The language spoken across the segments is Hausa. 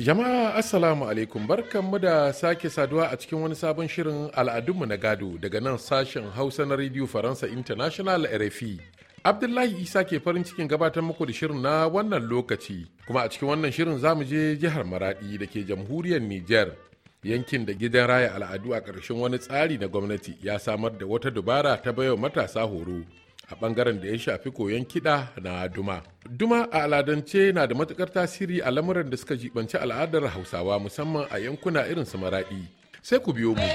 Jama'a Assalamu alaikum mu da sake saduwa a cikin wani sabon shirin al'adunmu na gado daga nan sashen Hausa na Radio Faransa International RFI. Abdullahi Isa ke farin cikin gabatar muku da shirin na wannan lokaci kuma a cikin wannan shirin za mu je jihar Maradi da ke jamhuriyar Nijar yankin da gidan raya al'adu a ƙarshen wani tsari na gwamnati ya samar da wata dubara ta baiwa matasa horo a bangaren da ya shafi koyon kiɗa na duma. Duma a aladance na da matukar tasiri a lamuran da suka jibanci al'adar Hausawa musamman a yankuna irin su maraɗi. Sai ku biyo mu.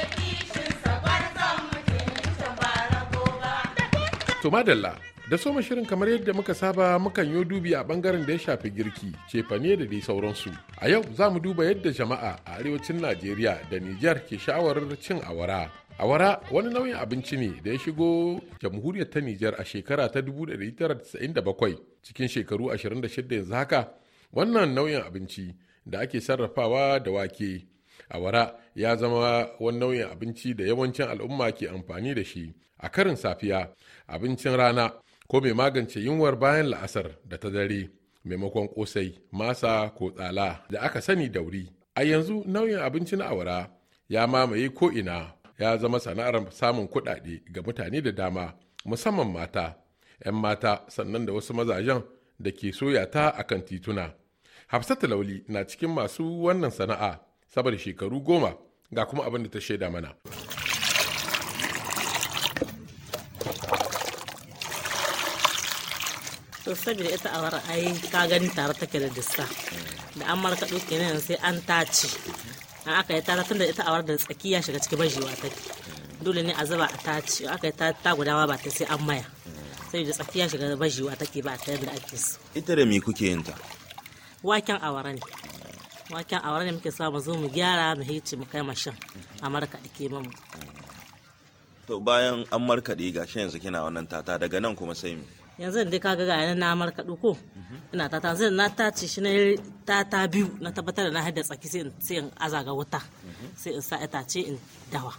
To madalla da soma shirin kamar yadda muka saba mukan yo dubi a bangaren da ya shafi girki cefane da dai sauransu a yau za mu duba yadda jama'a a arewacin najeriya da nijar ke sha'awar cin awara awara wani nauyin abinci ne da ya shigo jamhuriyar ta nijar a shekara ta 1997 cikin shekaru 26 yanzu haka wannan nauyin abinci da ake sarrafawa da wake awara ya zama wani nau'in abinci da yawancin al'umma ke amfani da shi a karin safiya abincin rana ko mai magance yunwar bayan la'asar da ta dare maimakon kosai masa ko tsala da aka sani da wuri a yanzu nauyin abinci na awara ya mamaye ko'ina ya zama sana'ar samun kuɗaɗe ga mutane da dama musamman mata 'yan mata sannan da wasu mazajen da ke soya ta a kan tituna hafsatu lauli na cikin masu wannan sana'a saboda shekaru goma ga kuma abin da ta shaida mana to saboda ita awara ai ka gani tare take da dista da an marka ɗauke nan sai an tace an aka yi tara tunda da ita awara da tsakiya shiga cikin bajewa take dole ne a zuba a tace aka yi ta gudawa ba ta sai an maya sai da tsakiya shiga bajewa take ba ta yadda ake so ita da me kuke yin ta waken awara ne waken awara ne muke samu zo mu gyara mu hice mu kai mashin a marka ake mamu to bayan an markaɗe gashi yanzu kina wannan tata daga nan kuma sai mu yanzu da kaga ga yanar na markaɗo ko ina ta tanzu na ta ce shi na ta ta biyu na tabbatar da na haɗa tsaki sai in aza ga wuta sai in sa ita ce in dawa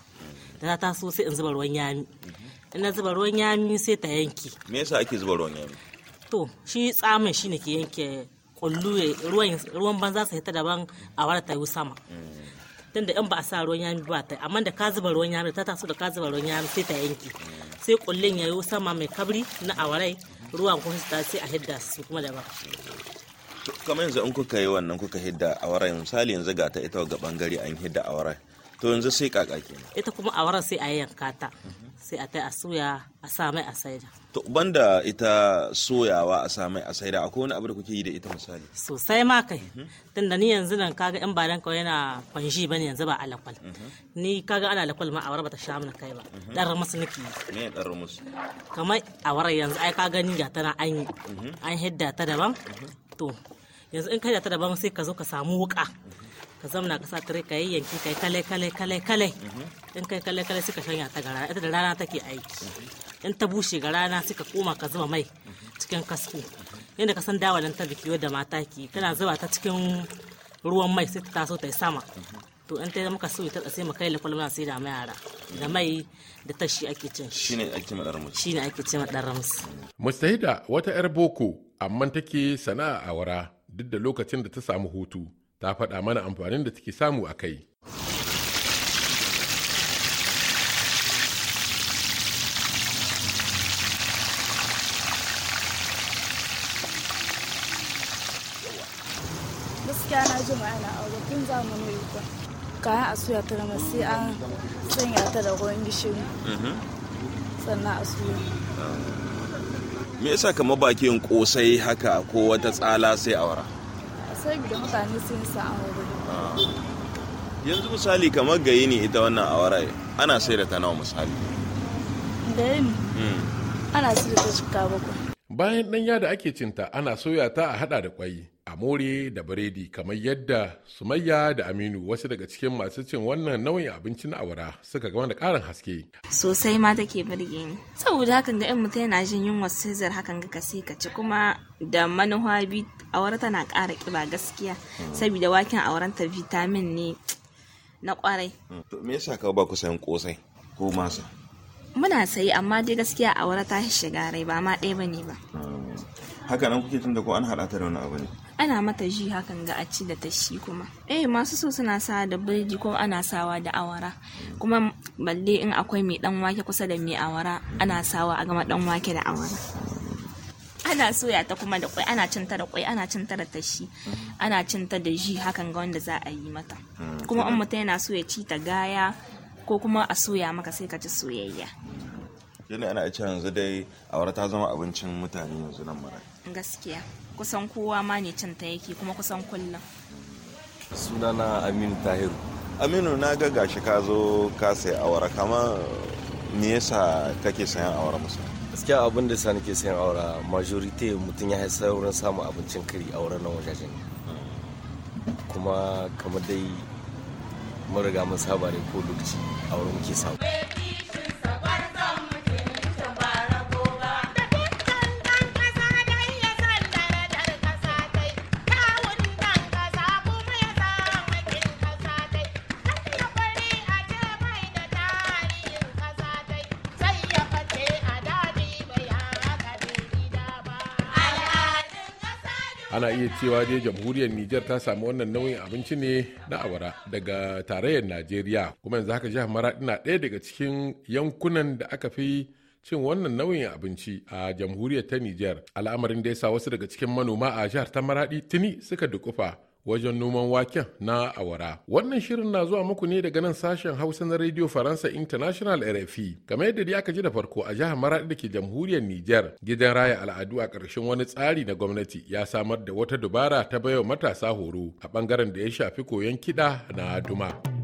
da ta so sai in zuba ruwan yami ina zuba ruwan yami sai ta yanke me yasa ake zuba ruwan yami to shi tsamin shi ne ke yanke kullu ruwan ruwan banza sai ta daban a wara ta yi sama tunda in ba a sa ruwan yami ba ta amma da ka zuba ruwan yami ta taso da ka zuba ruwan yami sai ta yanke sai kullin ya yi sama mai kabri na awarai ruwan su sai a hidda su kuma ba. kamar yanzu in kuka yi wannan kuka hidda awarai misali yanzu ga ta ita ga bangare an hidda awarai to yanzu sai kaka ke ita kuma awara sai a yanka ta sai a ta a soya a sa mai a saida to banda ita soyawa a sa mai a saida akwai wani abu da kuke yi da ita misali sosai ma kai tunda ni yanzu nan kaga in ba dan kawai yana kwanji bane yanzu ba alakwal ni kaga ana alakwal ma awara bata sha mun kai ba dan ramus nake ne dan ramus kamar wurin yanzu ai kaga ni ga tana an an hidda ta daban to yanzu in kai da ta daban sai ka zo ka samu wuka ka zamna ka sa tare ka yayyanke kai kale kale kale kale in kai kale kale suka shanya ta gara ita da rana take aiki in ta bushe ga rana suka koma ka zuba mai cikin kasko yadda ka san dawalan ta biki da mata ki kana zuba ta cikin ruwan mai sai ta taso ta yi sama to in ta muka so ta sai mu kai lakwal muna sai da mai yara da mai da shi ake cin shi ne ake madar shi ne ake cin madar musu mustahida wata yar boko amma take sana'a a awara duk da lokacin da ta samu hutu ta faɗa mana amfanin da take samu a kai. gaskiya na ji ma'ana aure tun zamanin yuka kayan a suya ta rama sai an sanya ta da ruwan gishiri mhm. sannan a suya me yasa kama bakin kosai haka ko wata tsala sai a wara mutane sun sa aure ah. yanzu misali kamar gayi ne ita wannan awara ana sai da ta nawa misali gayi ne hmm. ana sai da ta bakwai bayan ɗanya da ake cinta ana soya ta a hada da kwayi amore da biredi kamar yadda sumayya da aminu wasu daga cikin masu cin wannan nau'in abincin na awara suka gama da karin haske sosai ma take birge ni saboda hakan ga yan ta yana jin yunwa sizar hakan ga kasi ka ci kuma da manuwa bi awara tana kara kiba gaskiya hmm. saboda waken awaranta vitamin ne na kwarai hmm. to me yasa ka ba ku sayan kosai ko masa muna sayi amma dai gaskiya awara ta shiga rai ba ma ɗaya bane ba hmm. haka nan kuke tunda ko an haɗa ta da wani abu ne ana mata ji hakan ga a ci da ta shi kuma eh masu so suna sa da birji ko ana sawa da awara kuma balle in akwai mai dan wake kusa da mai awara ana sawa a gama dan wake da awara ana soya ta kuma da kwai ana cin da kwai ana cin ta da tashi ana cinta da ji hakan ga wanda za a yi mata ah, kuma in mutum yana so ya ci ta gaya ko kuma a soya maka sai ka ci soyayya shi ana ce yanzu dai awara ta zama abincin mutane yanzu nan mara gaskiya kusan kowa ma ne cin ta yake kuma kusan kullum sunana aminu tahiru aminu na ga gashi ka zo ka sayi awara kama me yasa kake sayan awara musu gaskiya abin da sa nake sayan awara majority mutum ya haisa wurin samun abincin kari a wurin nan wajajen kuma kamar dai mun riga mun saba ne ko lokaci a wurin muke samu ana iya cewa dai jamhuriyar niger ta samu wannan nauyin abinci ne na awara daga tarayyar najeriya kuma yanzu haka jihar maraɗi na ɗaya daga cikin yankunan da aka fi cin wannan nauyin abinci a jamhuriyar ta niger al'amarin da ya sa wasu daga cikin manoma a jihar ta maraɗi tuni suka dukufa wajen noman waken na awara. Wannan shirin na zuwa muku ne daga nan sashen Hausa na Radio Faransa International RFI. Kamar yadda dai aka ji da farko a jihar Maradi da ke jamhuriyar Nijar, gidan raya al'adu a ƙarshen wani tsari na gwamnati ya samar da wata dubara ta baiwa matasa horo a ɓangaren da ya shafi koyon kiɗa na duma.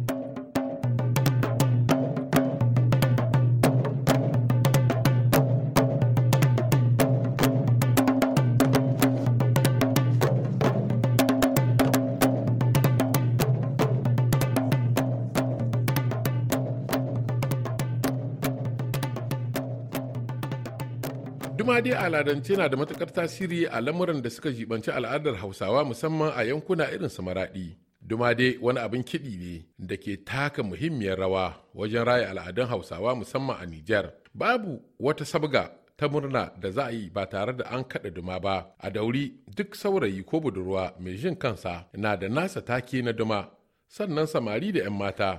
ma dai aladance na da matukar tasiri a lamuran da suka jibanci al'adar hausawa musamman a yankuna irin su maraɗi duma dai wani abin kiɗi ne da ke taka muhimmiyar rawa wajen raya al'adun hausawa musamman a nijar babu wata sabga ta murna da za a yi ba tare da an kaɗa duma ba a dauri duk saurayi ko budurwa mai jin kansa na da nasa take na duma sannan samari da 'yan mata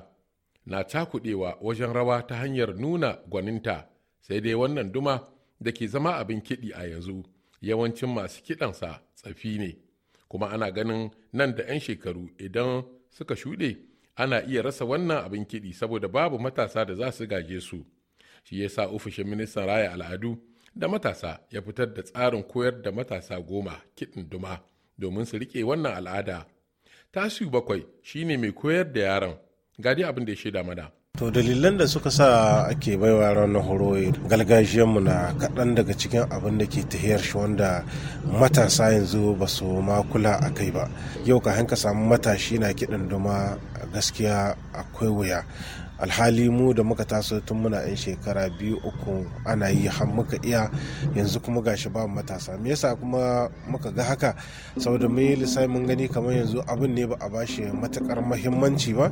na cakuɗewa wajen rawa ta hanyar nuna gwaninta sai dai wannan duma da ke zama abin kiɗi a yanzu yawancin masu kiɗansa tsafi ne kuma ana ganin nan da 'yan shekaru idan suka shuɗe ana iya rasa wannan abin kiɗi saboda babu matasa da za su gaje su shi ya sa ofishin ministan raya al'adu da matasa ya fitar da tsarin koyar da matasa goma kiɗin duma domin su riƙe wannan al'ada tasiu bakwai shine mai koyar da yaron gadi abin da ya shaida mana To dalilan da suka sa ake baiwa ranar horo mu na kaɗan daga cikin abin da ke tahiyar shi wanda matasa yanzu ba su ma kula a kai ba. Yau ka hanka samu matashi na kiɗan duma gaskiya akwai wuya. alhali mu da muka taso tun muna yan shekara biyu uku ana yi har muka iya yanzu kuma gashi ba matasa me yasa kuma muka ga haka saboda mun yi lissafi mun gani kamar yanzu abin ne ba a bashi matukar mahimmanci ba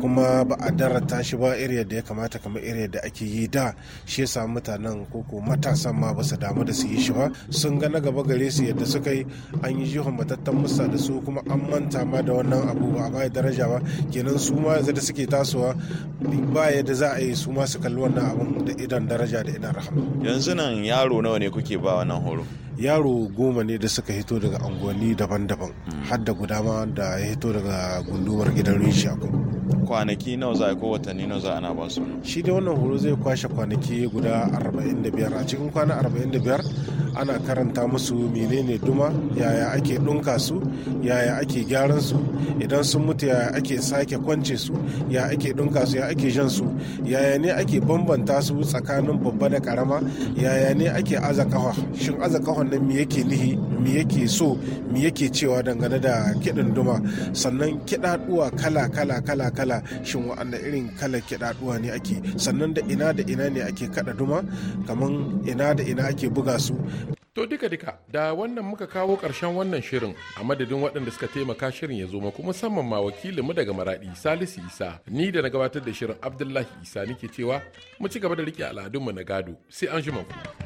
kuma ba a darata shi ba iri da ya kamata kamar iri da ake yi da shi yasa mutanen koko matasan ma ba su damu da su yi shi ba sun ga na gaba gare su yadda suka yi an yi jihun matattan musa da su kuma an manta ma da wannan abu ba a bai daraja ba kenan su ma yanzu da suke tasowa ba yadda za a yi su masu kalli wannan abun da idan daraja da idan rahama yanzu nan yaro nawa ne kuke ba wannan horo yaro goma ne da suka hito daga unguwanni daban-daban hmm. har da guda ma da ya hito daga gundumar gidan rishi kwanaki nawa za a ko watanni nawa za ana ba su shi dai wannan horo zai kwashe kwanaki guda 45 a cikin kwana 45 ana karanta musu menene duma yaya ake dunka su yaya ake gyaran su idan sun mutu yaya ake sake kwance su ya ake dunka su ya ake jan su yaya ne ake bambanta su tsakanin babba da karama yaya ne ake aza kafa shin aza kafan nan me yake nihi me yake so me yake cewa dangane da kidin duma sannan kidaduwa kala kala kala kala shin wa'annan irin kalar kiɗaɗuwa ne ake sannan da ina da ina ne ake kaɗa duma kamar ina da ina ake buga su To duka-duka da wannan muka kawo ƙarshen wannan shirin a madadin waɗanda suka taimaka shirin ya zo kuma musamman ma wakilinmu daga Maraɗi Salisu Isa ni da na gabatar da shirin Abdullahi Isa nike cewa mu ci gaba da riƙe al'adunmu na gado sai an ku.